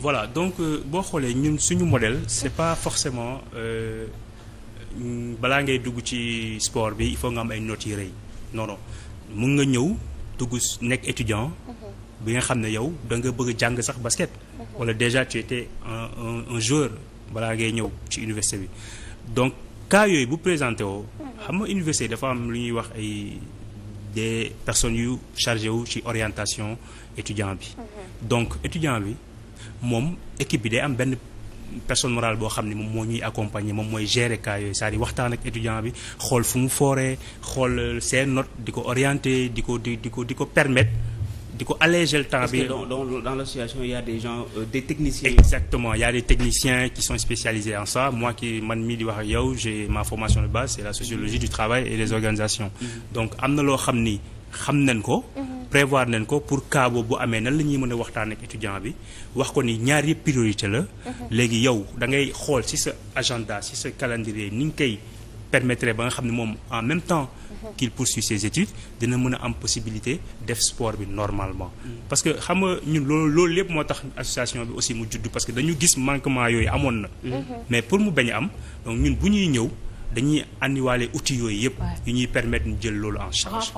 voilà donc euh, boo xoolee ñun suñu modèle c'est pas forcément euh, balaa ngay dugg ci sport bi il faut nga am ay notes yi rëy non mun nga ñëw dugg nekk étudiant. Mhm. bi nga xam ne yow da nga bëgg jàng sax basket. Mhm. wala déjà tu un un un joueur balaa ngay ñëw ci université bi donc cas yooyu bu présenté woo. Mhm. xam nga université dafa am lu ñuy wax ay des personnes yu chargé wu ci orientation étudiant bi. donc étudiant bi. moom équipe bi day am benn personne morale boo xam ne moom moo ñuy accompagner moom mooy gérer cas yooyu c'est-à-dire waxtaan ak étudiant bi xool fu mu fooree xool seen not di ko orienter di ko di di ko di ko permettre di ko alléger le temps bi. parce que dans dans l'association il y a des gens euh, des techniciens. exactement il y a des techniciens qui sont spécialisés en ça moi qui man mii di wax yow j'ai ma formation de base c'est la sociologie du travail et des mm-hmm. organisations. Mm-hmm. donc am na loo xam ko. prévoir leen ko pour cas boobu bu amee nan la ñuy mën a waxtaan ak étudiant bi wax ko ni ñaar yëpp priorité la. Mhm. léegi yow da ngay xool si sa agenda si sa calendrier ni nga koy permettre ba nga xam ne moom en même temps. Mhm. qu'il poursuit ses études dina mën a am possibilité def sport bi normalement. Mm. parce que xam nga ñun loolu loolu lépp moo tax association bi aussi mu judd parce que dañu gis manquement yooyu amoon na. Mhm. mais pour mu bañ am donc ñun bu ñuy ñëw. dañuy andiwaale outils yooyu yëpp. yu ñu jël loolu en charge